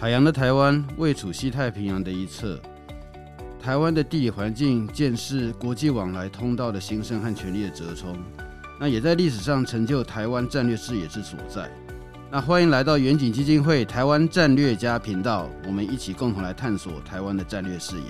海洋的台灣位處西太平洋的一側，台灣的地理環境、見識、國際往來通道的興盛和權力的折衝，那也在歷史上成就台灣戰略視野之所在。那歡迎來到遠景基金會台灣戰略家頻道，我們一起共同來探索台灣的戰略視野。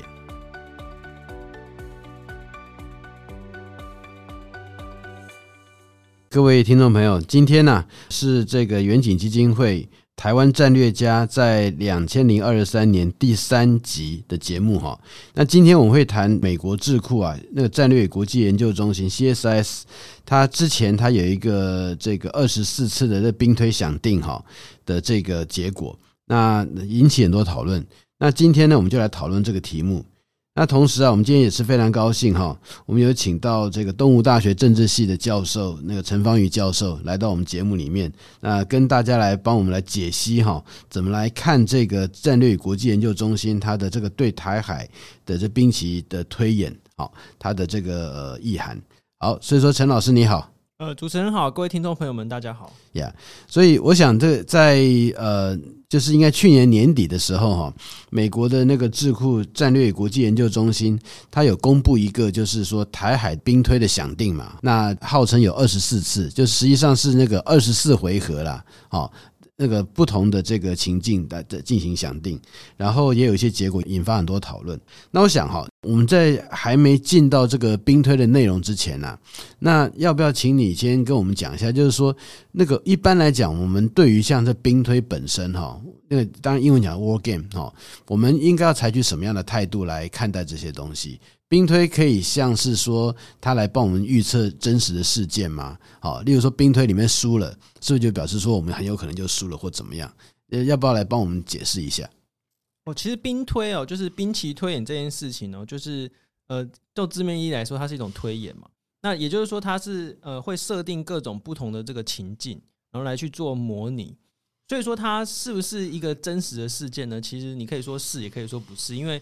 各位聽眾朋友，今天呢、啊、是這個遠景基金會。台灣戰略家在兩千零二十三年第三集的節目哈，那今天我們會談美國智庫啊，那個戰略與國際研究中心 CSIS 它，之前它有一個這個二十四次的這兵推想定哈的這個結果，那引起很多討論。那今天呢，我們就來討論這個題目。那同時啊，我們今天也是非常高興哈，我們有請到這個東吳大學政治系的教授，那個陳方隅教授來到我們節目裡面，那跟大家來幫我們來解析哈，怎麼來看這個戰略與國際研究中心它的這個對台海的這兵棋的推演，好，它的這個意涵。好，所以說陳老師你好。呃，主持人好，各位聽眾朋友們，大家好。Yeah, 所以我想這在呃，就是應該去年年底的時候哈，美國的那個智庫戰略與國際研究中心，它有公布一個，就是說台海兵推的想定嘛，那號稱有二十四次，就實際上是那個二十四回合啦。好，哦。那個不同的這個情境的的進行想定，然後也有一些結果引發很多討論。那我想哈，我們在還沒進到這個兵推的內容之前呢，那要不要請你先跟我們講一下，就是說那個一般來講，我們對於像這兵推本身哈，那個當然英文講 war game 哈，我們應該要採取什麼樣的態度來看待這些東西？兵推可以像是說它來幫我們預測真實的事件嗎？好，例如說兵推裡面輸了，是不是就表示說我們很有可能就輸了或怎麼樣？要不要來幫我們解釋一下？哦，其實兵推哦，就是兵棋推演這件事情哦，就是呃，就字面意義來說，它是一種推演嘛。那也就是說，它是呃，會設定各種不同的這個情境，然後來去做模擬。所以說，它是不是一個真實的事件呢？其實你可以說是，也可以說不是，因為。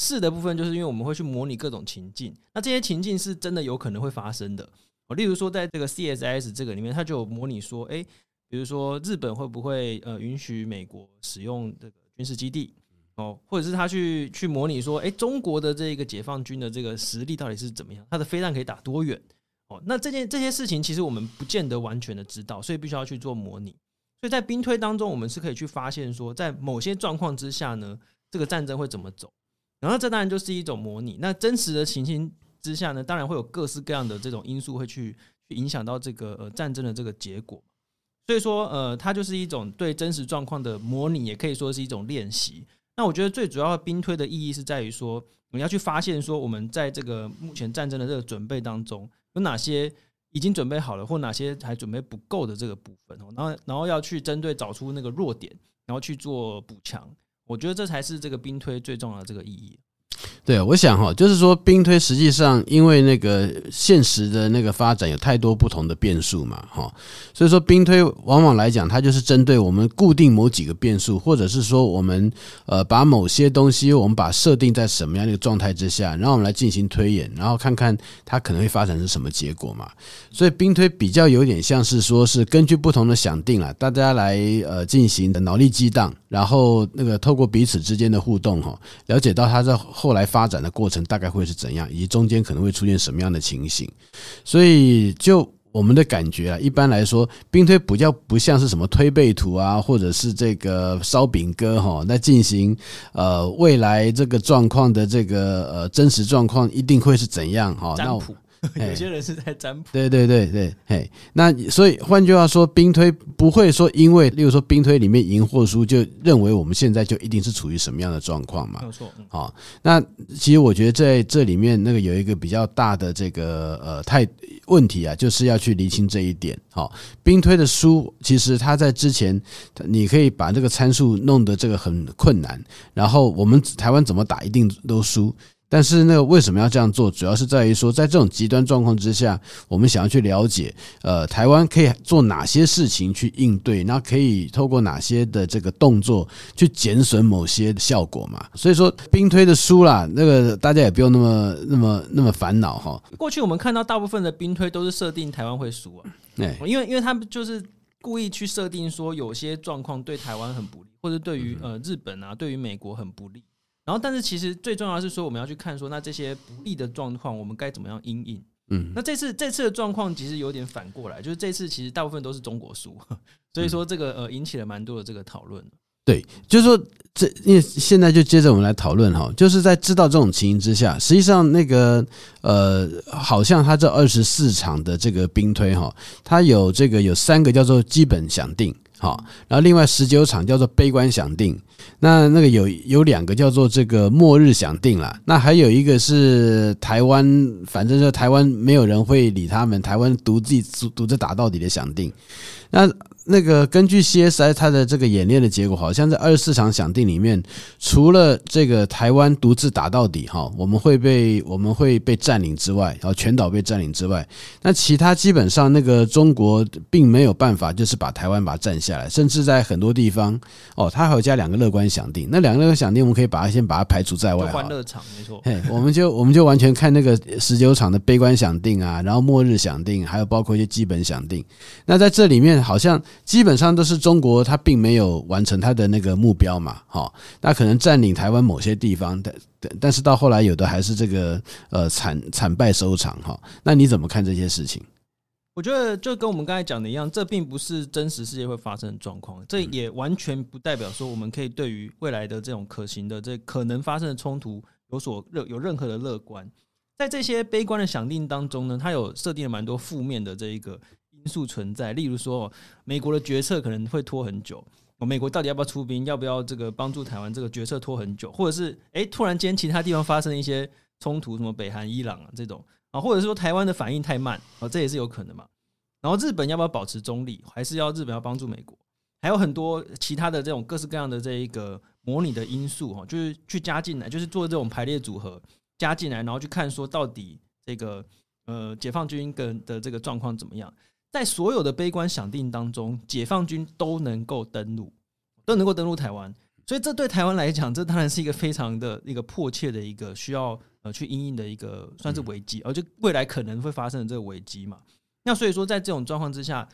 四的部分就是因為我們會去模擬各種情境，那這些情境是真的有可能會發生的哦。例如說，在這個 CSIS 這個裡面，它就有模擬說，誒，比如說日本會不會呃允許美國使用這個軍事基地哦，或者是他去去模擬說，誒，中國的這一個解放軍的這個實力到底是怎麼樣，他的飛彈可以打多遠哦。那這件這些事情其實我們不見得完全的知道，所以必須要去做模擬。所以在兵推當中，我們是可以去發現說，在某些狀況之下呢，這個戰爭會怎麼走。然後這當然就是一種模擬。那真實的情形之下呢，當然會有各式各樣的這種因素會去，去影響到這個呃戰爭的這個結果。所以說，呃，它就是一種對真實狀況的模擬，也可以說是一種練習。那我覺得最主要的兵推的意義是在於說，我們要去發現說，我們在這個目前戰爭的這個準備當中，有哪些已經準備好了，或哪些還準備不夠的這個部分。然後，然後要去針對找出那個弱點，然後去做補強。我覺得這才是這個兵推最重要的這個意義。對，我想哈，就是說兵推實際上，因為那個現實的那個發展有太多不同的變數嘛，哈，所以說兵推往往來講，它就是針對我們固定某幾個變數，或者是說我們呃把某些東西我們把設定在什麼樣的一個狀態之下，然後我們來進行推演，然後看看它可能會發展成什麼結果嘛。所以兵推比較有點像是說是根據不同的想定啊，大家來呃進行的腦力激盪，然後那個透過彼此之間的互動哈，了解到他在後來。發。發展的過程大概會是怎樣，以及中間可能會出現什麼樣的情形，所以就我們的感覺啊，一般來說，兵推比較不像是什麼推背圖啊，或者是這個燒餅歌哈，那進行呃未來這個狀況的這個呃真實狀況一定會是怎樣哈？那。 有些人是在占卜，hey，對對對對，嘿，hey, 那所以換句話說，兵推不會說因為，例如說兵推裡面贏或輸，就認為我們現在就一定是處於什麼樣的狀況嘛？沒有錯。好，嗯哦，那其實我覺得在這裡面那個有一個比較大的這個呃太問題啊，就是要去釐清這一點。好，哦，兵推的輸，其實它在之前，你可以把這個參數弄得這個很困難，然後我們台灣怎麼打一定都輸。但是那個為什麼要這樣做？主要是在於說，在這種極端狀況之下，我們想要去了解，呃，台灣可以做哪些事情去應對，那可以透過哪些的這個動作去減損某些的效果嘛？所以說，兵推的輸啦，那個大家也不用那麼、那麼、那麼煩惱哈。過去我們看到大部分的兵推都是設定台灣會輸啊，對，因為因為他們就是故意去設定說，有些狀況對台灣很不利，或者對於呃日本啊，對於美國很不利。然後，但是其實最重要的是說，我們要去看說，那這些不利的狀況，我們該怎麼樣因應。嗯，那這次這次的狀況其實有點反過來，就是這次其實大部分都是中國輸，所以說這個呃引起了蠻多的這個討論。嗯、對，就是說這，因為現在就接着我們來討論哈，就是在知道這種情形之下，實際上那個呃，好像他這二十四場的這個兵推哈，他有這個有三個叫做基本想定。好，然後另外十九場叫做悲觀想定，那那個有有兩個叫做這個末日想定了，那還有一個是台灣，反正就台灣沒有人會理他們，台灣獨自獨自打到底的想定，那。那個根據 C S I 它的這個演練的結果，好像在二十四場想定裡面，除了這個台灣獨自打到底哈，我們會被我們會被占領之外，然後全島被占領之外，那其他基本上那個中國並沒有辦法，就是把台灣把它占下來，甚至在很多地方哦，它還有加兩個樂觀想定，那兩個樂觀想定我們可以把它先把它排除在外哈。歡樂場沒錯，哎，我們就我們就完全看那個十九場的悲觀想定啊，然後末日想定，還有包括一些基本想定，那在這裡面好像。基本上都是中國，他並沒有完成他的那個目標嘛，哈，那可能占領台灣某些地方，但但是到後來有的還是這個呃慘慘敗收場，哈，那你怎麼看這些事情？我覺得就跟我們剛才講的一樣，這並不是真實世界會發生的狀況，這也完全不代表說我們可以對於未來的這種可行的這可能發生的衝突有所任有任何的樂觀，在這些悲觀的想定當中呢，他有設定了蠻多負面的這一個因素存在，例如說，美國的決策可能會拖很久，美國到底要不要出兵，要不要這個幫助台灣？這個決策拖很久，或者是誒、欸，突然間其他地方發生一些衝突，什麼北韓、伊朗啊這種啊，或者是說台灣的反應太慢啊、喔，這也是有可能嘛。然後日本要不要保持中立，還是要日本要幫助美國？還有很多其他的這種各式各樣的這一個模擬的因素哈，就是去加進來，就是做這種排列組合加進來，然後去看說到底這個呃解放軍跟的這個狀況怎麼樣。在所有的悲觀想定當中，解放軍都能夠登陸，都能夠登陸台灣，所以這對台灣來講，這當然是一個非常的一個迫切的一個需要呃去因應的一個算是危機，而就未來可能會發生的這個危機嘛。那所以說，在這種狀況之下，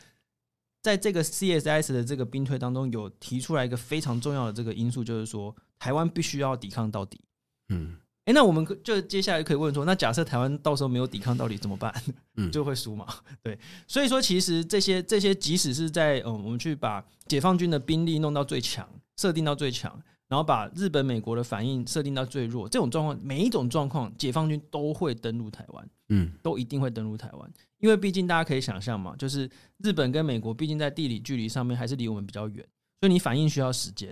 在這個 CSIS 的這個兵推當中，有提出來一個非常重要的這個因素，就是說台灣必須要抵抗到底。嗯。哎、欸，那我們就接下來可以問說，那假設台灣到時候沒有抵抗，到底怎麼辦？嗯， 就會輸嘛？對，所以說其實這些這些，即使是在嗯，我們去把解放軍的兵力弄到最強，設定到最強，然後把日本、美國的反應設定到最弱，這種狀況，每一種狀況，解放軍都會登陸台灣，嗯，都一定會登陸台灣，因為畢竟大家可以想象嘛，就是日本跟美國畢竟在地理距離上面還是離我們比較遠，所以你反應需要時間。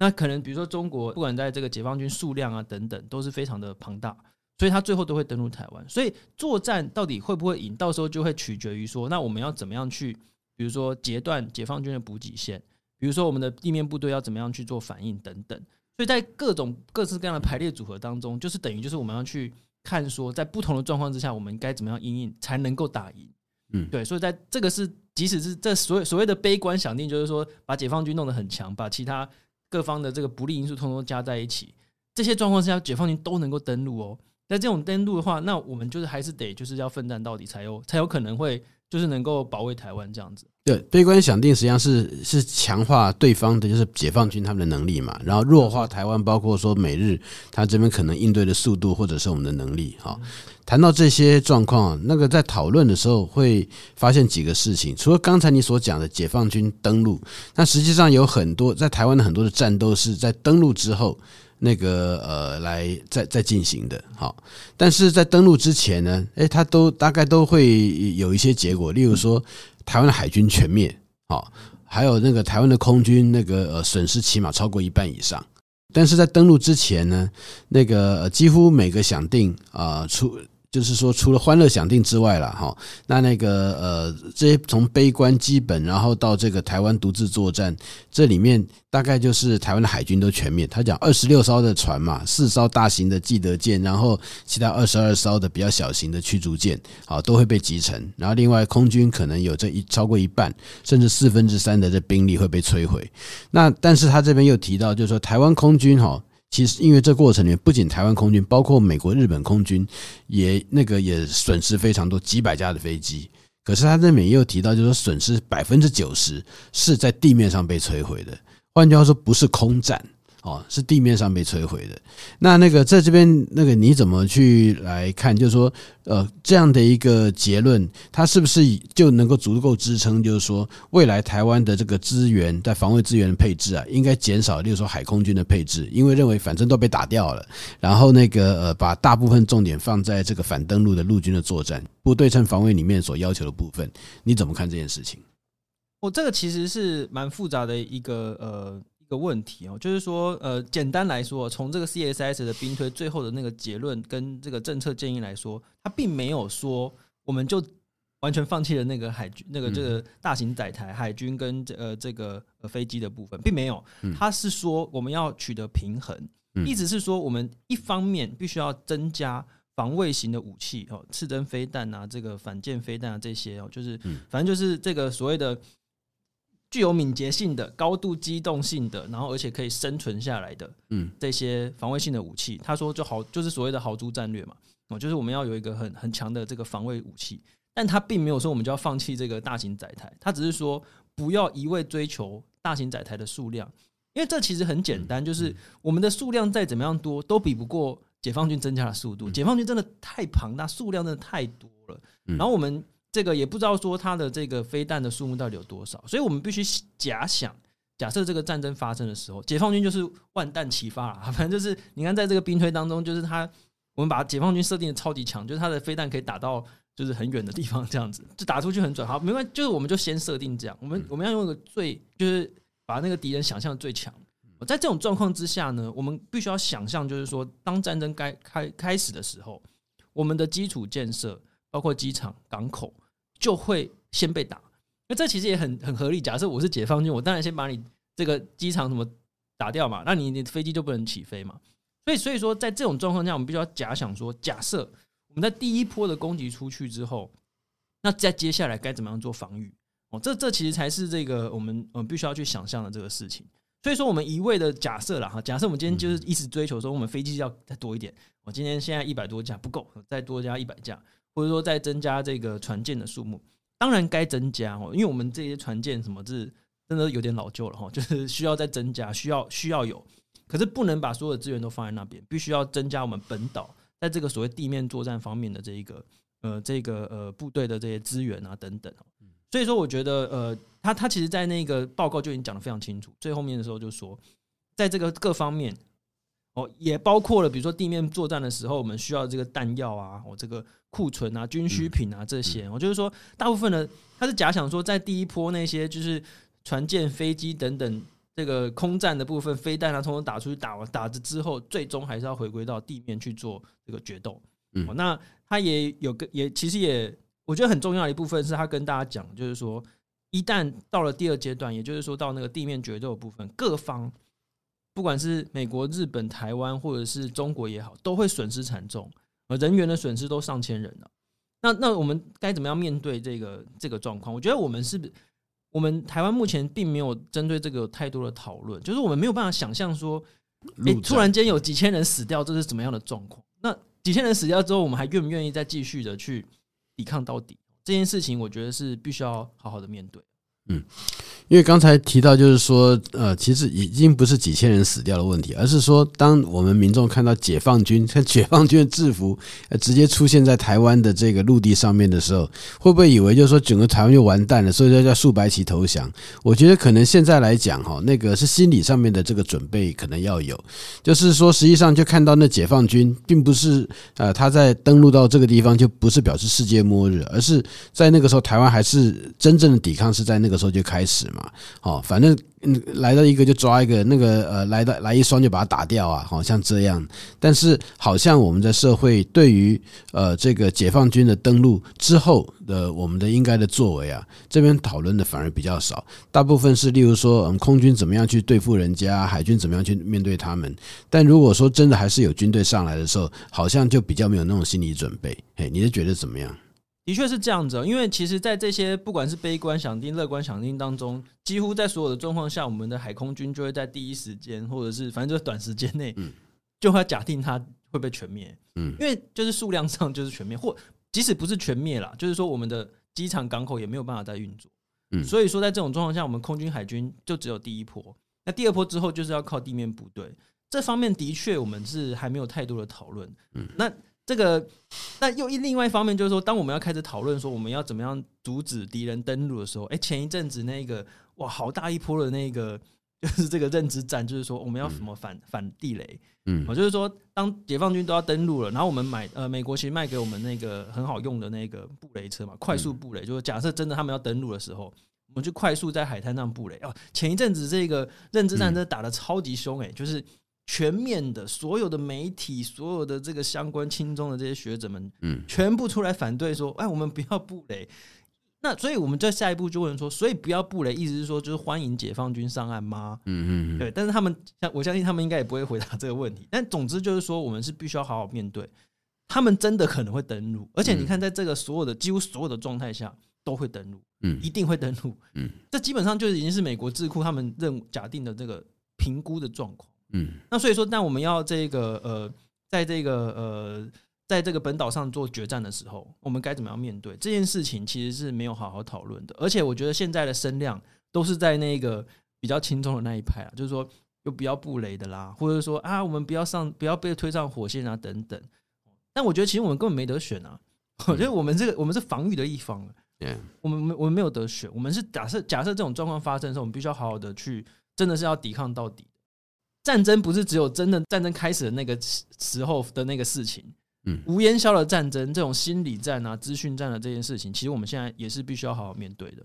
那可能比如說中國不管在這個解放軍數量啊等等都是非常的龐大，所以他最後都會登陸台灣。所以作戰到底會不會贏，到時候就會取決於說，那我們要怎麼樣去，比如說截斷解放軍的補給線，比如說我們的地面部隊要怎麼樣去做反應等等。所以在各種各式各樣的排列組合當中，就是等於就是我們要去看說，在不同的狀況之下，我們該怎麼樣因應才能夠打贏。嗯，對。所以在這個是即使是這所所謂的悲觀想定，就是說把解放軍弄得很強，把其他。各方的這個不利因素通通加在一起，這些狀況是要解放軍都能夠登陸哦。但這種登陸的話，那我們就是還是得就是要奮戰到底才有才有可能會就是能夠保衛台灣這樣子。對，悲觀想定實際上是是強化對方的，就是解放軍他們的能力嘛，然後弱化台灣，包括說美日，他這邊可能應對的速度或者是我們的能力。哈，談到這些狀況，那個在討論的時候會發現幾個事情，除了剛才你所講的解放軍登陸，那實際上有很多在台灣的很多的戰鬥是在登陸之後。那個呃，來再再進行的，好，但是在登陸之前呢，誒，他都大概都會有一些結果，例如說，台灣的海軍全滅，啊，還有那個台灣的空軍那個呃損失起碼超過一半以上，但是在登陸之前呢，那個幾乎每個想定啊出。就是說，除了歡樂想定之外了哈，那那個呃，這些從悲觀基本，然後到這個台灣獨自作戰，這裡面大概就是台灣的海軍都全面，他講二十六艘的船嘛，四艘大型的基德艦，然後其他二十二艘的比較小型的驅逐艦，啊，都會被擊沉，然後另外空軍可能有這一超過一半，甚至四分之三的這兵力會被摧毀。那但是他這邊又提到，就是說台灣空軍哈。其實，因為這過程裡面，不僅台灣空軍，包括美國、日本空軍，也那個也損失非常多，幾百架的飛機。可是他這裡面又提到，就說損失百分之九十是在地面上被摧毀的。換句話說，不是空戰。哦，是地面上被摧毀的。那那個在這邊，那個你怎麼去來看？就是說，呃，這樣的一個結論，它是不是就能夠足夠支撐？就是說，未來台灣的這個資源，在防衛資源的配置啊，應該減少，例如說海空軍的配置，因為認為反正都被打掉了。然後那個呃，把大部分重點放在這個反登陸的陸軍的作戰，不對稱防衛裡面所要求的部分，你怎麼看這件事情？我這個其實是蠻複雜的一個呃。個問題哦，就是說，呃，簡單來說，從這個 CSIS 的兵推最後的那個結論跟這個政策建議來說，它並沒有說我們就完全放棄了那個海軍那個這個大型載台、嗯、海軍跟這呃、個、這個飛機的部分，並沒有，它是說我們要取得平衡，嗯、意思是說我們一方面必須要增加防衛型的武器哦，刺針飛彈啊，這個反艦飛彈啊，這些哦，就是、嗯、反正就是這個所謂的。具有敏捷性的、高度機動性的，然後而且可以生存下來的，嗯，這些防衛性的武器，他說就好，就是所謂的“豪豬戰略”嘛，哦，就是我們要有一個很很強的這個防衛武器，但他並沒有說我們就要放棄這個大型載台，他只是說不要一味追求大型載台的數量，因為這其實很簡單，就是我們的數量再怎麼樣多，都比不過解放軍增加的速度，解放軍真的太龐大，數量真的太多了，然後我們。這個也不知道說它的這個飛彈的數目到底有多少，所以我們必須假想，假設這個戰爭發生的時候，解放軍就是萬彈齊發啊，反正就是你看在這個兵推當中，就是他我們把解放軍設定的超級強，就是他的飛彈可以打到就是很遠的地方，這樣子就打出去很準。好，沒關係，就是我們就先設定這樣，我們我們要用一個最就是把那個敵人想象的最強。在這種狀況之下呢，我們必須要想象，就是說當戰爭該開開始的時候，我們的基礎建設。包括機場、港口就會先被打，那這其實也很很合理。假設我是解放軍，我當然先把你這個機場什麼打掉嘛，那你你飛機就不能起飛嘛。所以所以說，在這種狀況下，我們必須要假想說，假設我們在第一波的攻擊出去之後，那再接下來該怎麼樣做防禦？哦，這這其實才是這個我們我們必須要去想象的這個事情。所以說，我們一味的假設了哈，假設我們今天就是一直追求說我們飛機要再多一點，我今天現在一百多架不夠，再多加一百架。不是說，在增加這個船艦的數目，當然該增加哦，因為我們這些船艦什麼，是真的有點老舊了哈，就是需要再增加，需要需要有，可是不能把所有的資源都放在那邊，必須要增加我們本島在這個所謂地面作戰方面的這一個呃這個呃部隊的這些資源啊等等。所以說，我覺得呃，他他其實在那個報告就已經講得非常清楚，最後面的時候就說，在這個各方面。哦，也包括了，比如說地面作戰的時候，我們需要這個彈藥啊，我這個庫存啊、軍需品啊這些。我就是說，大部分的他是假想說，在第一波那些就是船艦、飛機等等這個空戰的部分，飛彈啊，通通打出去打完，打着之後，最終還是要回歸到地面去做這個決鬥，嗯。嗯、那他也有個，也其實也我覺得很重要的一部分是他跟大家講，就是說一旦到了第二階段，也就是說到那個地面決鬥的部分，各方。不管是美國、日本、台灣，或者是中國也好，都會損失慘重，而人員的損失都上千人了。那那我們該怎麼樣面對這個這個狀況？我覺得我們是，我們台灣目前並沒有針對這個太多的討論，就是我們沒有辦法想象說，欸，突然間有幾千人死掉，這是怎麼樣的狀況？那幾千人死掉之後，我們還願不願意再繼續的去抵抗到底？這件事情，我覺得是必須要好好的面對。嗯。因為剛才提到，就是說，呃，其實已經不是幾千人死掉的問題，而是說，當我們民眾看到解放軍、看解放軍的制服，呃，直接出現在台灣的這個陸地上面的時候，會不會以為就是說整個台灣就完蛋了，所以說叫豎白旗投降？我覺得可能現在來講，哈、哦，那個是心理上面的這個準備可能要有，就是說，實際上就看到那解放軍，並不是，呃，他在登陸到這個地方就不是表示世界末日，而是在那個時候，台灣還是真正的抵抗是在那個時候就開始嘛。啊，好，反正來到一個就抓一個，那個呃，來到來一雙就把它打掉啊，好像這樣。但是好像我們的社會對於呃這個解放軍的登陸之後的我們的應該的作為啊，這邊討論的反而比較少。大部分是例如說，嗯，空軍怎麼樣去對付人家，海軍怎麼樣去面對他們。但如果說真的還是有軍隊上來的時候，好像就比較沒有那種心理準備。嘿，你是覺得怎麼樣？的確是這樣子，因為其實，在這些不管是悲觀想定、樂觀想定當中，幾乎在所有的狀況下，我們的海空軍就會在第一時間，或者是反正就是短時間內，就會假定它會被全滅，嗯，因為就是數量上就是全滅，或即使不是全滅啦，就是說我們的機場、港口也沒有辦法再運作，嗯，所以說在這種狀況下，我們空軍、海軍就只有第一波，那第二波之後就是要靠地面部隊，這方面的確我們是還沒有太多的討論，嗯，那。這個，那又一另外一方面就是說，當我們要開始討論說我們要怎麼樣阻止敵人登陸的時候，哎、欸，前一陣子那個哇，好大一波的那個，就是這個認知戰，就是說我們要什麼反、嗯、反地雷，嗯，我就是說，當解放軍都要登陸了，然後我們買呃，美國其實賣給我們那個很好用的那個布雷車嘛，快速布雷，嗯、就是假設真的他們要登陸的時候，我們就快速在海灘上布雷啊。前一陣子這個認知戰真的打得超級凶、欸，哎、嗯，就是。全面的，所有的媒體，所有的這個相關親中的這些學者們，嗯，全部出來反對說：“哎，我們不要布雷。”那所以我們在下一步就問說：“所以不要布雷，意思是說就是歡迎解放軍上岸嗎？”嗯嗯，嗯，對。但是他們，相我相信他們應該也不會回答這個問題。但總之就是說，我們是必須要好好面對，他們真的可能會登陸，而且你看，在這個所有的、嗯、幾乎所有的狀態下都會登陸，嗯，一定會登陸，嗯，嗯，這基本上就是已經是美國智庫他們認假定的這個評估的狀況。嗯，那所以說，但我們要這個呃，在這個呃，在這個本島上做決戰的時候，我們該怎麼樣面對這件事情？其實是沒有好好討論的。而且我覺得現在的聲量都是在那個比較輕鬆的那一派啊，就是說，又不要布雷的啦，或者說啊，我們不要上，不要被推上火線啊，等等。但我覺得其實我們根本沒得選啊，我覺得我們這個我們是防禦的一方，對，我們沒我們沒有得選，我們是假設假設這種狀況發生的時候，我們必須要好好的去，真的是要抵抗到底。戰爭不是只有真的戰爭開始的那個時候的那個事情，嗯，無煙硝的戰爭，這種心理戰啊、資訊戰的這件事情，其實我們現在也是必須要好好面對的。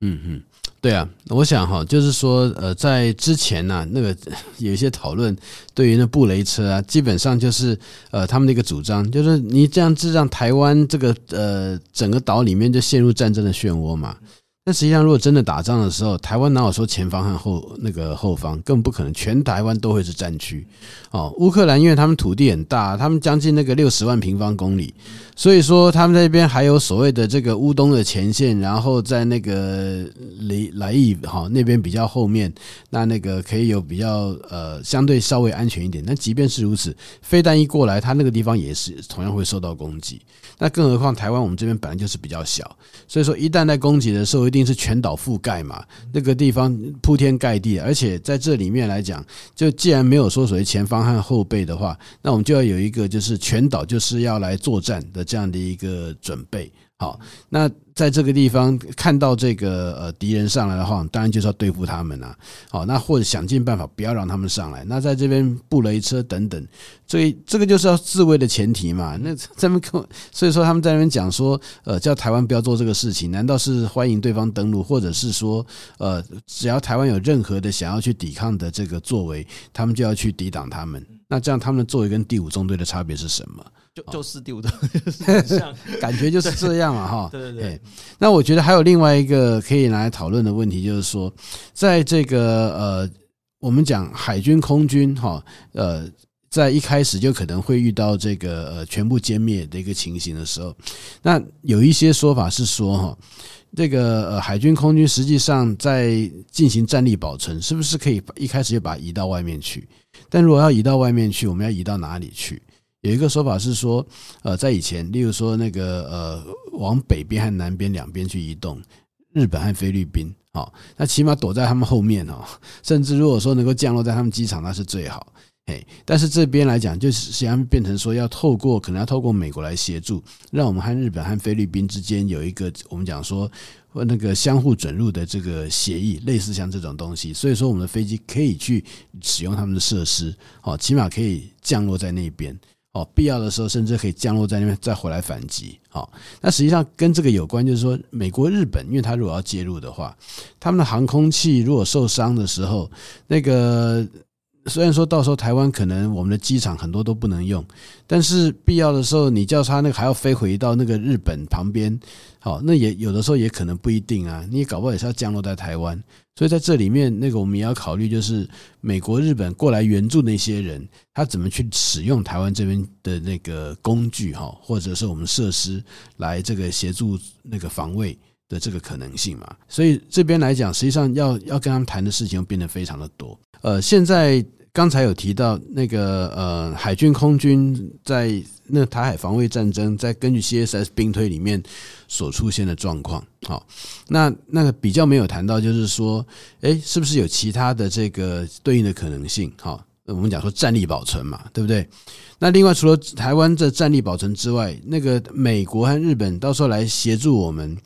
嗯嗯，對啊，我想哈，就是說，呃，在之前呢、啊，那個有一些討論，對於那布雷車啊，基本上就是呃，他們的一個主張，就是你這樣子讓台灣這個呃整個島裡面就陷入戰爭的漩渦嘛。嗯但實際上，如果真的打仗的時候，台灣哪有說前方和後那個後方？更不可能，全台灣都會是戰區。哦，烏克蘭因為他們土地很大，他們將近那個六十萬平方公里，所以說他們那這邊還有所謂的這個烏東的前線，然後在那個里萊意哈那邊比較後面，那那個可以有比較呃相對稍微安全一點。那即便是如此，飛彈一過來，他那個地方也是同樣會受到攻擊。那更何況台灣我們這邊本來就是比較小，所以說一旦在攻擊的時候一定。是全島覆蓋嘛，那個地方鋪天蓋地，而且在這裡面來講，就既然沒有說所謂，前方和後背的話，那我們就要有一個就是全島就是要來作戰的這樣的一個準備。好，那在這個地方看到這個呃敵人上來的話，當然就是要對付他們吶、啊。好，那或者想盡辦法不要讓他們上來。那在這邊布雷車等等，所以這個就是要自衛的前提嘛。那咱們跟，所以說他們在那邊講說，呃，叫台灣不要做這個事情，難道是歡迎對方登陸，或者是說，呃，只要台灣有任何的想要去抵抗的這個作為，他們就要去抵擋他們？那這樣他們的作為跟第五縱隊的差別是什麼？就是丟的， 很像 感覺就是這樣啊！哈，對對對。那我覺得還有另外一個可以拿來討論的問題，就是說，在這個呃，我們講海軍空軍哈，呃，在一開始就可能會遇到這個呃全部殲滅的一個情形的時候，那有一些說法是說哈，這個、呃、海軍空軍實際上在進行戰力保存，是不是可以一開始就把它移到外面去？但如果要移到外面去，我們要移到哪裡去？有一個說法是說，呃，在以前，例如說那個呃，往北邊和南邊兩邊去移動，日本和菲律賓，啊，那起碼躲在他們後面哦，甚至如果說能夠降落在他們機場，那是最好，嘿，但是這邊來講，就是實際上變成說要透過可能要透過美國來協助，讓我們和日本和菲律賓之間有一個我們講說那個相互准入的這個協議，類似像這種東西，所以說我們的飛機可以去使用他們的設施，哦，起碼可以降落在那邊。必要的時候甚至可以降落在那邊再回來反擊。哦，那實際上跟這個有關，就是說美國、日本，因為他如果要介入的話，他們的航空器如果受傷的時候，那個。雖然說到時候台灣可能我們的機場很多都不能用，但是必要的時候你叫他那個還要飛回到那個日本旁邊，好，那也有的時候也可能不一定啊，你也搞不好也是要降落在台灣。所以在這裡面，那個我們也要考慮，就是美國、日本過來援助那些人，他怎麼去使用台灣這邊的那個工具哈，或者是我們設施來這個協助那個防衛的這個可能性嘛。所以這邊來講，實際上要要跟他們談的事情又變得非常的多。呃，現在。剛才有提到那個呃，海軍空軍在那台海防衛戰爭，在根據 CSIS 兵推裡面所出現的狀況，好，那那個比較沒有談到，就是說，誒、欸，是不是有其他的這個對應的可能性？好，我們講說戰力保存嘛，對不對？那另外除了台灣的戰力保存之外，那個美國和日本到時候來協助我們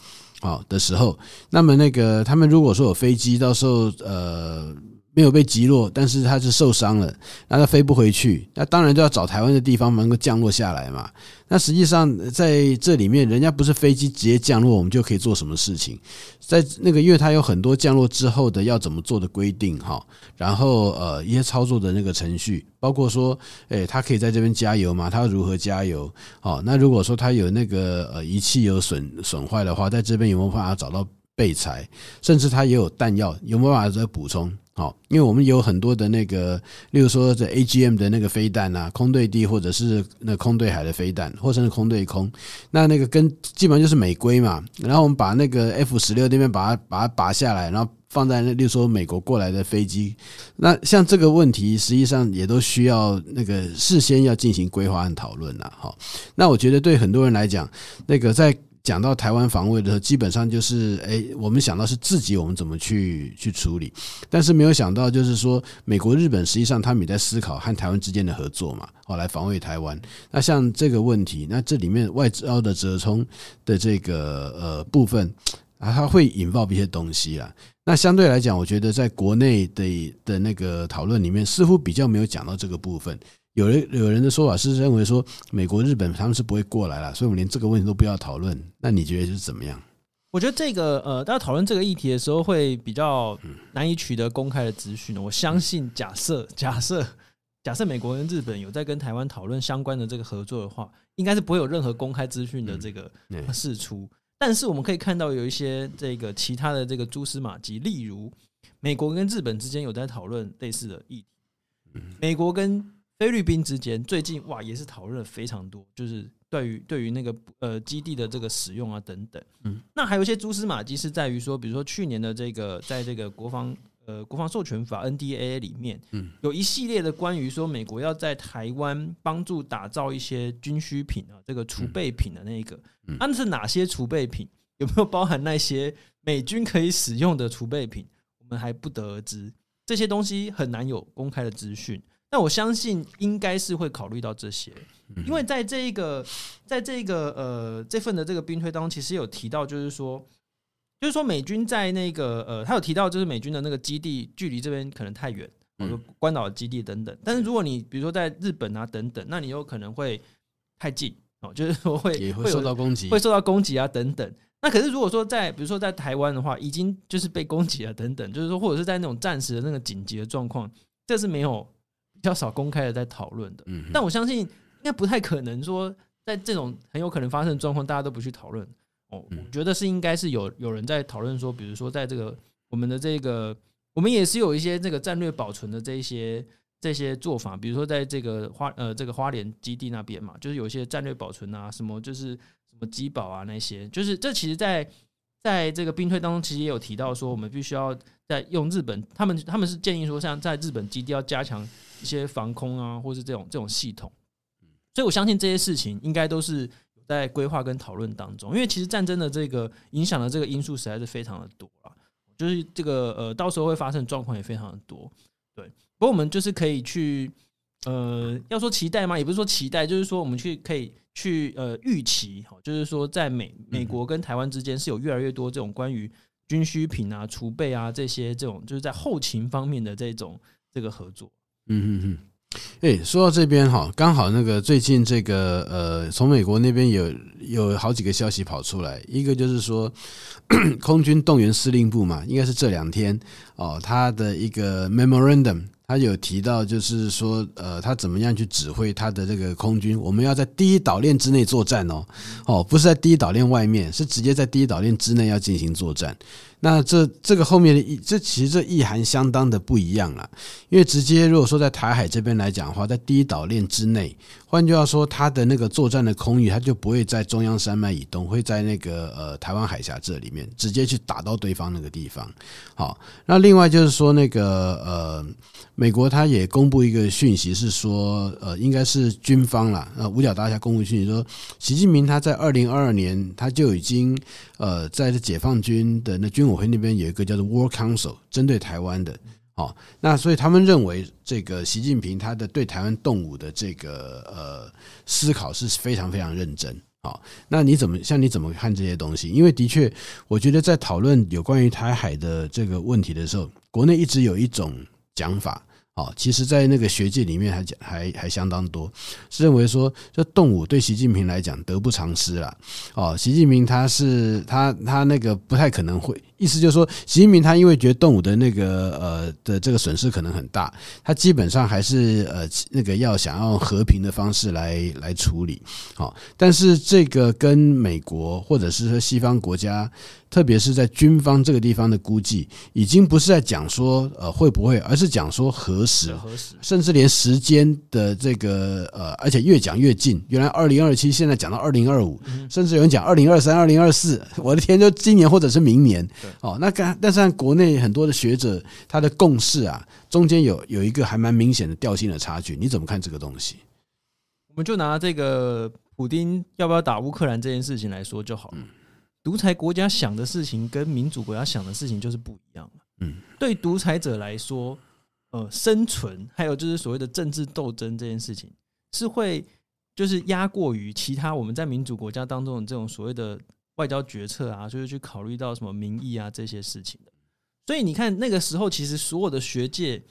好的時候，那麼那個他們如果說有飛機，到時候呃。沒有被擊落，但是他是受傷了，那他飛不回去，那當然就要找台灣的地方能夠降落下來嘛。那實際上在這裡面，人家不是飛機直接降落，我們就可以做什麼事情？在那個，因為它有很多降落之後的要怎麼做的規定哈。然後呃，一些操作的那個程序，包括說，誒，它可以在這邊加油嗎？它如何加油？好，那如果說它有那個呃儀器有損損壞的話，在這邊有沒有辦法找到備材？甚至它也有彈藥，有沒有辦法再補充？好，因為我們有很多的那個，例如說這 A G M 的那個飛彈啊，空對地或者是那空對海的飛彈，或者是空對空，那那個跟基本上就是美規嘛。然後我們把那個 F 十六那邊把它把它拔下來，然後放在那，例如說美國過來的飛機，那像這個問題實際上也都需要那個事先要進行規劃和討論了。好，那我覺得對很多人來講，那個在。講到台灣防衛的時候，基本上就是，誒，我們想到是自己，我們怎麼去去處理？但是沒有想到，就是說，美國、日本實際上他們也在思考和台灣之間的合作嘛，哦，來防衛台灣。那像這個問題，那這裡面外交的折衝的這個呃部分啊，它會引爆一些東西啊。那相對來講，我覺得在國內的的那個討論裡面，似乎比較沒有講到這個部分。有人有人的說法是認為說，美國日本他們是不會過來了，所以我們連這個問題都不要討論。那你覺得是怎麼樣？我覺得這個呃，大家討論這個議題的時候會比較難以取得公開的資訊。我相信，假設假設假設美國跟日本有在跟台灣討論相關的這個合作的話，應該是不會有任何公開資訊的這個釋出。但是我們可以看到有一些這個其他的這個蛛絲馬跡，例如美國跟日本之間有在討論類似的議題，美國跟。菲律賓之間最近哇也是討論了非常多，就是對於對於那個呃基地的這個使用啊等等，嗯，那還有一些蛛絲馬跡是在於說，比如說去年的這個在這個國防呃國防授權法 NDAA 裡面，嗯，有一系列的關於說美國要在台灣幫助打造一些軍需品啊，這個儲備品的那一個、啊，那是哪些儲備品？有沒有包含那些美軍可以使用的儲備品？我們還不得而知，這些東西很難有公開的資訊。那我相信應該是會考慮到這些，因為在這一個，在這一個呃這份的這個兵推當中，其實有提到就是說，就是說美軍在那個呃，他有提到就是美軍的那個基地距離這邊可能太遠，比如說關島的基地等等。但是如果你比如說在日本啊等等，那你有可能會太近哦，就是說會會受到攻擊，會受到攻擊啊等等。那可是如果說在比如說在台灣的話，已經就是被攻擊了等等，就是說或者是在那種暫時的那個緊急的狀況，這是沒有。比較少公開的在討論的，但我相信應該不太可能說在這種很有可能發生的狀況，大家都不去討論哦。我覺得是應該是有有人在討論說，比如說在這個我們的這個，我們也是有一些這個戰略保存的這一些這些做法，比如說在這個花呃這個花蓮基地那邊嘛，就是有一些戰略保存啊，什麼就是什麼機堡啊那些，就是這其實，在。在這個兵推當中，其實也有提到說，我們必須要在用日本，他們他們是建議說，像在日本基地要加強一些防空啊，或是這種這種系統。嗯，所以我相信這些事情應該都是在規劃跟討論當中，因為其實戰爭的這個影響的這個因素實在是非常的多啊，就是這個呃，到時候會發生狀況也非常的多。對，不過我們就是可以去。呃，要說期待嗎？也不是說期待，就是說我們去可以去呃預期，就是說在美美國跟台灣之間是有越來越多這種關於軍需品啊、儲備啊這些這種，就是在後勤方面的這種這個合作。嗯嗯嗯。哎、欸，說到這邊哈，剛好那個最近這個呃，從美國那邊有有好幾個消息跑出來，一個就是說空軍動員司令部嘛，應該是這兩天哦，他的一個 memorandum。他有提到，就是說，呃，他怎麼樣去指揮他的這個空軍，我們要在第一島鏈之內作戰哦，哦，不是在第一島鏈外面，是直接在第一島鏈之內要進行作戰。那這這個後面的意，這其實這意涵相當的不一樣了，因為直接如果說在台海這邊來講的話，在第一島鏈之內，換句話說，它的那個作戰的空域，它就不會在中央山脈以東，會在那個呃台灣海峽這裡面直接去打到對方那個地方。好，那另外就是說那個呃，美國他也公布一個訊息，是說呃，應該是軍方了，那、呃、五角大廈公布訊息說，習近平他在二零二二年他就已經。呃，在這解放軍的那軍委會那邊有一個叫做 War Council，針對台灣的，好、哦，那所以他們認為這個習近平他的對台灣動武的這個呃思考是非常非常認真，好、哦，那你怎麼像你怎麼看這些東西？因為的確，我覺得在討論有關於台海的這個問題的時候，國內一直有一種講法。哦，其實，在那個學界裡面還，還講還還相當多，是認為說，這動武對習近平來講得不償失了。哦，習近平他是他他那個不太可能會。意思就是說，習近平他因為覺得動武的那個呃的這個損失可能很大，他基本上還是呃那個要想要和平的方式來來處理好。但是這個跟美國或者是說西方國家，特別是在軍方這個地方的估計，已經不是在講說呃會不會，而是講說何時，何時，甚至連時間的這個呃，而且越講越近。原來二零二七，現在講到二零二五，甚至有人講二零二三、二零二四。我的天，就今年或者是明年。哦，那剛但是國內很多的學者他的共識啊，中間有有一個還蠻明顯的調性的差距，你怎麼看這個東西？我們就拿這個普丁要不要打烏克蘭這件事情來說就好了。獨裁國家想的事情跟民主國家想的事情就是不一樣了。嗯，對獨裁者來說，呃，生存還有就是所謂的政治鬥爭這件事情是會就是壓過於其他我們在民主國家當中的這種所謂的。外交決策啊，就是去考慮到什麼民意啊這些事情的。所以你看那個時候，其實所有的學界，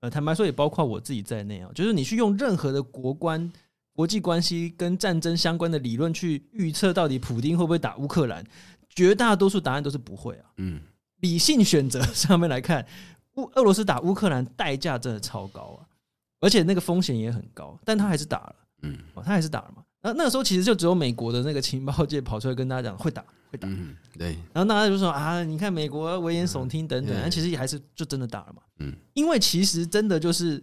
呃，坦白說也包括我自己在內啊，就是你去用任何的國關、國際關係跟戰爭相關的理論去預測到底普丁會不會打烏克蘭，絕大多數答案都是不會啊。理性選擇上面來看，烏俄羅斯打烏克蘭代價真的超高啊，而且那個風險也很高，但他還是打了。嗯，哦，他還是打了嘛。啊、那那個時候其實就只有美國的那個情報界跑出來跟大家講會打會打，嗯，對。然後大家就說，啊，你看美國危言聳聽等等，那，嗯、其實也還是就真的打了嘛。嗯，因為其實真的就是，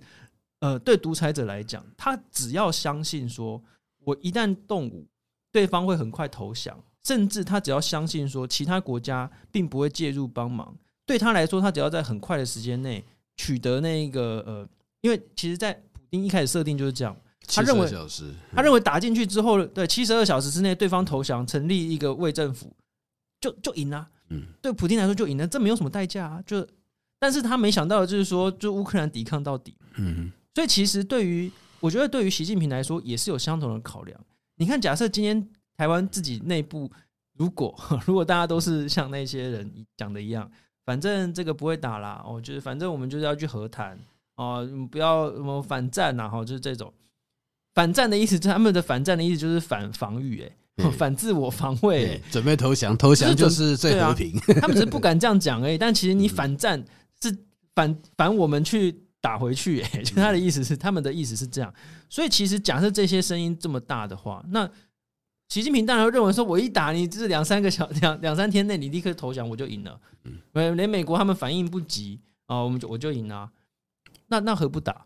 呃，對獨裁者來講，他只要相信說我一旦動武，對方會很快投降，甚至他只要相信說其他國家並不會介入幫忙，對他來說，他只要在很快的時間內取得那個呃，因為其實，在普丁一開始設定就是這樣。他認為，他認為打進去之後，對七十二小時之內對方投降，成立一個偽政府，就就贏了。嗯，對普京來說就贏了，這沒有什麼代價啊。就，但是他沒想到的就是說，就烏克蘭抵抗到底。嗯，所以其實對於我覺得對於習近平來說也是有相同的考量。你看，假設今天台灣自己內部如果如果大家都是像那些人講的一樣，反正這個不會打啦，我就是反正我們就是要去和談啊，不要什麼反戰啊，哈，就是這種。反戰的意思是他們的反戰的意思就是反防禦、欸，反自我防衛、欸，準備投降，投降就是最和平。啊、 他們只是不敢這樣講而已，但其實你反戰是反、嗯、反我們去打回去、欸，就他的意思是、嗯，他們的意思是這樣。所以其實假設這些聲音這麼大的話，那習近平當然會認為說，我一打你，就是兩三個小兩兩三天內你立刻投降，我就贏了。嗯，連美國他們反應不及，啊，我們就我就贏了。那那何不打？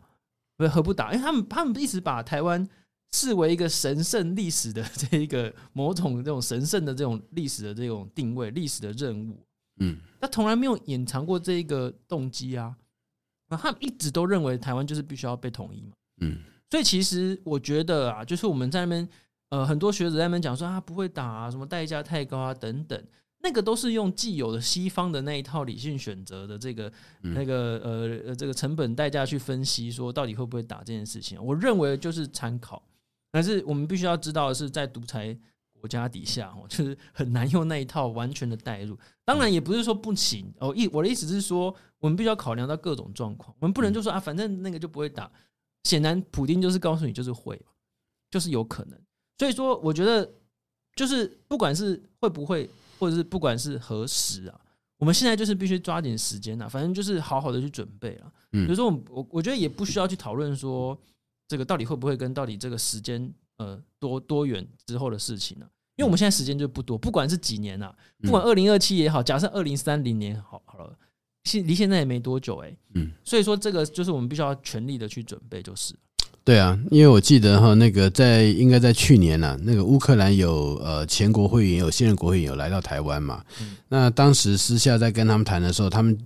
為何不打？因為他們他們一直把台灣視為一個神聖歷史的這一個某種這種神聖的這種歷史的這種定位、歷史的任務。嗯，他從來沒有隱藏過這一個動機啊！那他們一直都認為台灣就是必須要被統一嘛。嗯，所以其實我覺得啊，就是我們在那邊呃，很多學者在那邊講說他不會打啊，什麼代價太高啊，等等。那個都是用既有的西方的那一套理性選擇的這個那個呃呃這個成本代價去分析，說到底會不會打這件事情，我認為就是參考。但是我們必須要知道的是，在獨裁國家底下，哦，就是很難用那一套完全的代入。當然也不是說不行哦，一我的意思是說，我們必須要考量到各種狀況，我們不能就說啊，反正那個就不會打。顯然，普丁就是告訴你，就是會，就是有可能。所以說，我覺得就是不管是會不會。或者是不管是何時啊，我們現在就是必須抓緊時間啊，反正就是好好的去準備啊。比如說我，我我覺得也不需要去討論說這個到底會不會跟到底這個時間呃多多遠之後的事情呢，啊？因為我們現在時間就不多，不管是幾年啊，不管二零二七也好，假設二零三零年好好了，現離現在也沒多久哎，嗯，所以說這個就是我們必須要全力的去準備就是。對啊，因為我記得哈，那個在應該在去年呢，啊，那個烏克蘭有呃前國會議員有現任國會議員有來到台灣嘛。那當時私下在跟他們談的時候，他們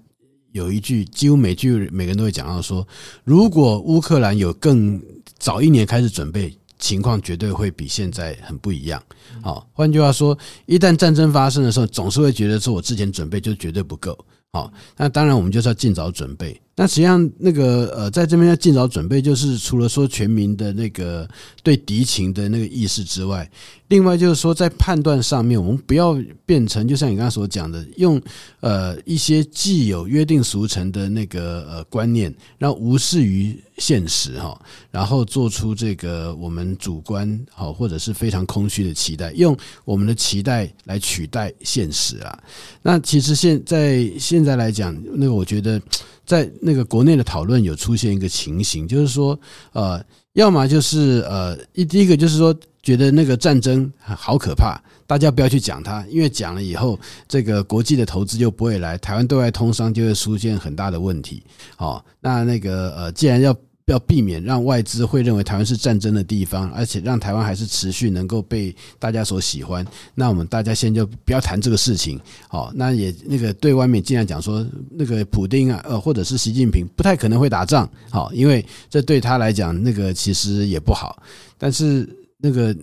有一句，幾乎每句每個人都會講到說，如果烏克蘭有更早一年開始準備，情況絕對會比現在很不一樣。好，換句話說，一旦戰爭發生的時候，總是會覺得說我之前準備就絕對不夠。好，那當然我們就是要盡早準備。那實際上，那個呃，在這邊要盡早準備，就是除了說全民的那個對敵情的那個意識之外，另外就是說，在判斷上面，我們不要變成就像你剛剛所講的，用呃一些既有約定俗成的那個呃觀念，讓無視於現實哈，然後做出這個我們主觀好或者是非常空虛的期待，用我們的期待來取代現實啊。那其實現在現在來講，那個我覺得。在那個國內的討論有出現一個情形，就是說，呃，要麼就是呃，一，第一個就是說，覺得那個戰爭好可怕，大家不要去講它，因為講了以後，這個國際的投資就不會來，台灣對外通商就會出現很大的問題，好，那那個呃，既然要。要避免讓外資會認為台灣是戰爭的地方，而且讓台灣還是持續能夠被大家所喜歡。那我們大家先就不要談這個事情，好，那也那個對外面儘量講說，那個普丁啊，呃，或者是習近平不太可能會打仗，好，因為這對他來講那個其實也不好。但是那個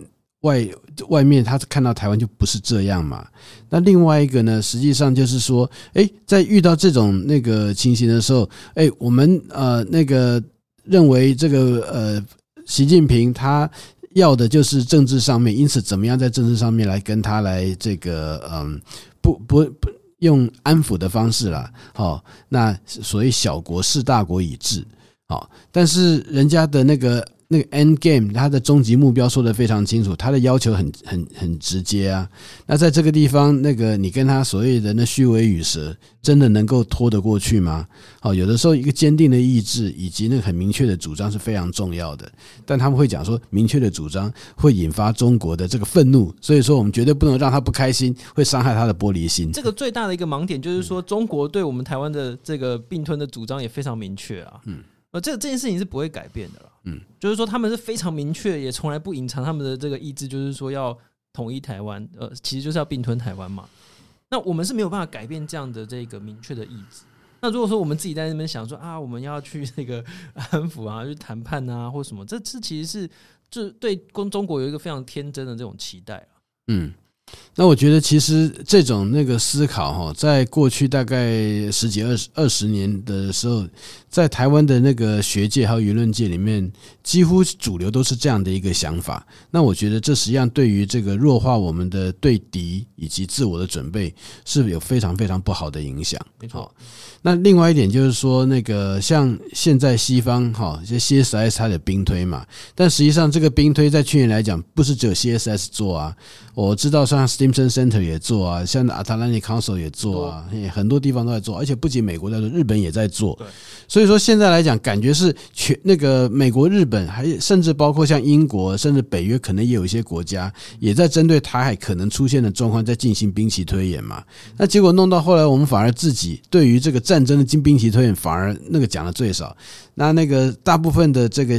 外外面他看到台灣就不是這樣嘛。那另外一個呢，實際上就是說，哎，在遇到這種那個情形的時候，哎，我們呃那個。認為這個呃，習近平他要的就是政治上面，因此怎麼樣在政治上面來跟他來這個嗯，不不不用安撫的方式了，好，那所謂小國事大國以智，好，但是人家的那個。那個 End Game 他的終極目標說得非常清楚，他的要求很很很直接啊。那在這個地方，那個你跟他所謂人的那虛與委蛇，真的能夠拖得過去嗎？哦，有的時候一個堅定的意志以及那個很明確的主張是非常重要的。但他們會講說，明確的主張會引發中國的這個憤怒，所以說我們絕對不能讓他不開心，會傷害他的玻璃心。這個最大的一個盲點就是說，中國對我們台灣的這個併吞的主張也非常明確啊。嗯，呃，這個這件事情是不會改變的了。嗯，就是說他們是非常明確，也從來不隱藏他們的這個意志，就是說要統一台灣，呃，其實就是要併吞台灣嘛。那我們是沒有辦法改變這樣的這個明確的意志。那如果說我們自己在那邊想說啊，我們要去那個安撫啊，去談判啊，或什麼，這這其實是就對中中國有一個非常天真的這種期待啊。嗯，那我覺得其實這種那個思考哈，在過去大概十幾、二十二十年的時候，在台灣的那個學界還有輿論界裡面，幾乎主流都是這樣的一個想法。那我覺得這實際上對於這個弱化我們的對敵以及自我的準備，是有非常非常不好的影響。好，那另外一點就是說，那個像現在西方哈，像 CSIS 它的兵推嘛，但實際上這個兵推在去年來講，不是只有 CSIS 做啊。我知道像 Stimson Center 也做啊，像 Atlantic Council 也做啊，很多地方都在做，而且不僅美國在做，日本也在做。對，所以所以說，現在來講，感覺是全那個美國、日本，還甚至包括像英國，甚至北約，可能也有一些國家也在針對台海可能出現的狀況，在進行兵棋推演嘛。那結果弄到後來，我們反而自己對於這個戰爭的進兵棋推演，反而那個講的最少。那那個大部分的這個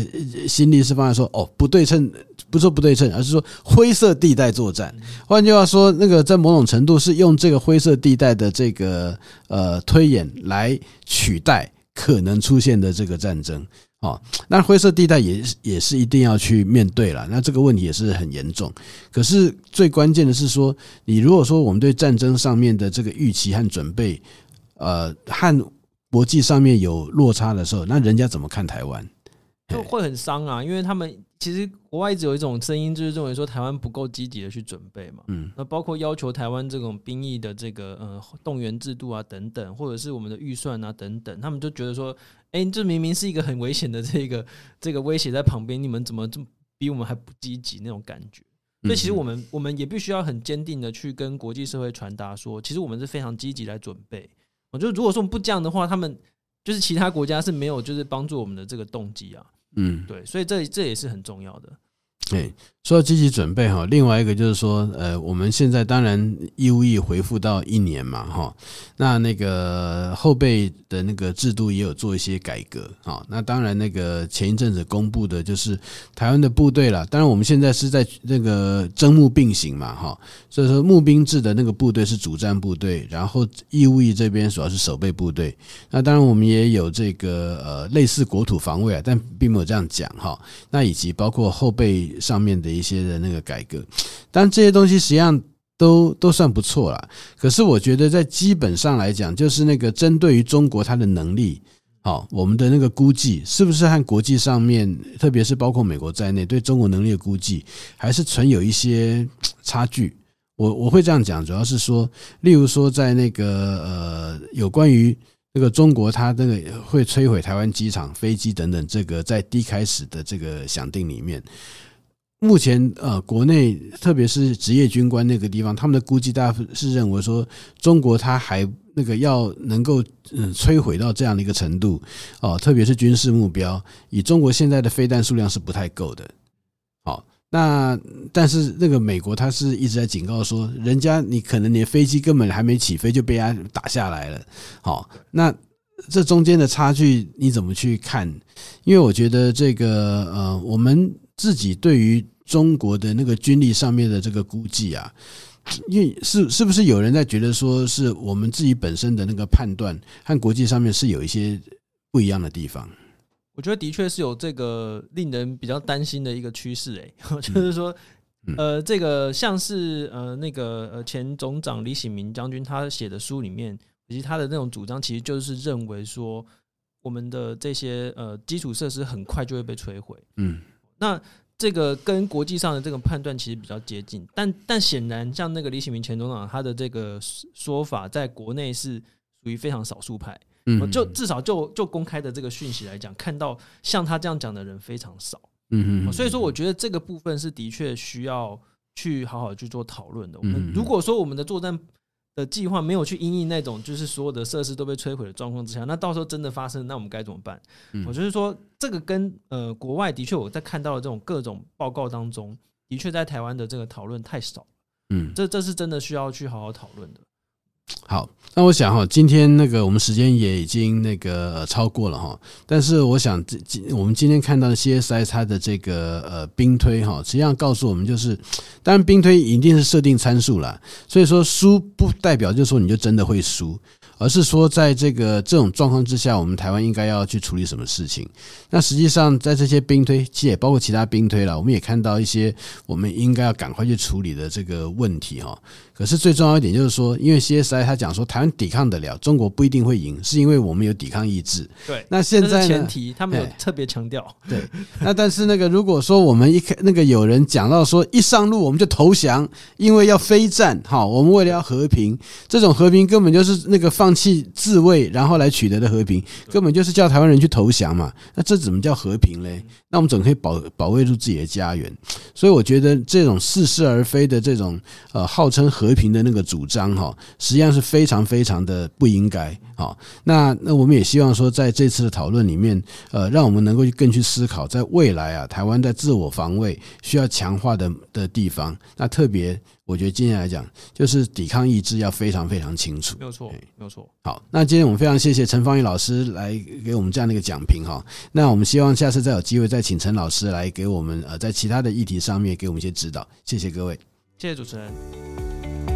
心理是放在說，哦，不對稱，不是說不對稱，而是說灰色地帶作戰。換句話說，那個在某種程度是用這個灰色地帶的這個呃推演來取代。可能出現的這個戰爭啊，那灰色地帶也也是一定要去面對了。那這個問題也是很嚴重。可是最關鍵的是說，你如果說我們對戰爭上面的這個預期和準備，呃，和國際上面有落差的時候，那人家怎麼看台灣？就會很傷啊，因為他們其實國外一直有一種聲音，就是認為說台灣不夠積極的去準備嘛。嗯，那包括要求台灣這種兵役的這個呃動員制度啊，等等，或者是我們的預算啊，等等，他們就覺得說，哎、欸，這明明是一個很危險的這個這個威脅在旁邊，你們怎麼這麼比我們還不積極那種感覺？所以其實我們、嗯、我們也必須要很堅定的去跟國際社會傳達說，其實我們是非常積極來準備。我覺得如果說我們不這樣的話，他們就是其他國家是沒有就是幫助我們的這個動機啊。嗯，對，所以這這也是很重要的。對，說到積極準備哈，另外一個就是說，呃，我們現在當然義務役恢復到一年嘛哈，那那個後備的那個制度也有做一些改革哈，那當然那個前一陣子公布的就是台灣的部隊了，當然我們現在是在那個徵募並行嘛哈，所以說募兵制的那個部隊是主戰部隊，然後義務役這邊主要是守備部隊，那當然我們也有這個呃類似國土防衛啊，但並沒有這樣講哈，那以及包括後備。上面的一些的那個改革，但這些東西實際上都都算不錯了。可是我覺得在基本上來講，就是那個針對於中國它的能力，好，我們的那個估計是不是和國際上面，特別是包括美國在內，對中國能力的估計，還是存有一些差距。我我會這樣講，主要是說，例如說在那個呃，有關於那個中國它那個會摧毀台灣機場、飛機等等，這個在第一開始的這個想定裡面。目前呃，國內特別是職業軍官那個地方，他們的估計，大家是認為說，中國它還那個要能夠嗯摧毀到這樣的一個程度哦、呃，特別是軍事目標，以中國現在的飛彈數量是不太夠的。好，那但是那個美國，它是一直在警告說，人家你可能連飛機根本還沒起飛就被人家打下來了。好，那這中間的差距你怎麼去看？因為我覺得這個呃，我們。自己對於中國的那個軍力上面的這個估計啊，因為是，是不是有人在覺得說是我們自己本身的那個判斷和國際上面是有一些不一樣的地方？我覺得的確是有這個令人比較擔心的一個趨勢，哎，就是說，呃，這個像是呃那個呃前總長李喜明將軍他寫的書裡面，以及他的那種主張，其實就是認為說我們的這些呃基礎設施很快就會被摧毀，嗯。那這個跟國際上的這個判斷其實比較接近，但但顯然像那個李啟明前總長他的這個說法，在國內是屬於非常少數派，嗯，就至少就就公開的這個訊息來講，看到像他這樣講的人非常少，嗯嗯，所以說我覺得這個部分是的確需要去好好去做討論的。我們如果說我們的作戰。的計劃沒有去因應那種就是所有的設施都被摧毀的狀況之下，那到時候真的發生，那我們該怎麼辦？嗯，我就是說，這個跟呃國外的確我在看到的這種各種報告當中，的確在台灣的這個討論太少了。嗯，這這是真的需要去好好討論的。好，那我想哈，今天那個我們時間也已經那個超過了哈，但是我想，今今我們今天看到的 CSIS，它的這個呃兵推哈，實際上告訴我們就是，當然兵推一定是設定參數啦。所以說，輸不代表就是說你就真的會輸，而是說在這個這種狀況之下，我們台灣應該要去處理什麼事情。那實際上在這些兵推，其實也包括其他兵推啦，我們也看到一些我們應該要趕快去處理的這個問題哈。可是最重要一點就是說，因為 C S I 他講說台灣抵抗得了，中國不一定會贏，是因為我們有抵抗意志。對，那現在前提他們有特別強調。對，那但是那個如果說我們一開那個有人講到說一上路我們就投降，因為要非戰哈，我們為了要和平，這種和平根本就是那個放棄自衛然後來取得的和平，根本就是叫台灣人去投降嘛。那這怎麼叫和平嘞？那我們怎麼可以保保衛住自己的家園？所以我覺得這種似是而非的這種呃號稱和和平的那個主張，哈，實際上是非常非常的不應該，哈。那那我們也希望說，在這次的討論裡面，呃，讓我們能夠去更去思考，在未來啊，台灣在自我防衛需要強化的的地方，那特別，我覺得今天來講，就是抵抗意志要非常非常清楚。沒有錯，沒有錯。好，那今天我們非常謝謝陳方隅老師來給我們這樣的一個講評，哈。那我們希望下次再有機會再請陳老師來給我們，呃，在其他的議題上面給我們一些指導。謝謝各位。謝謝主持人。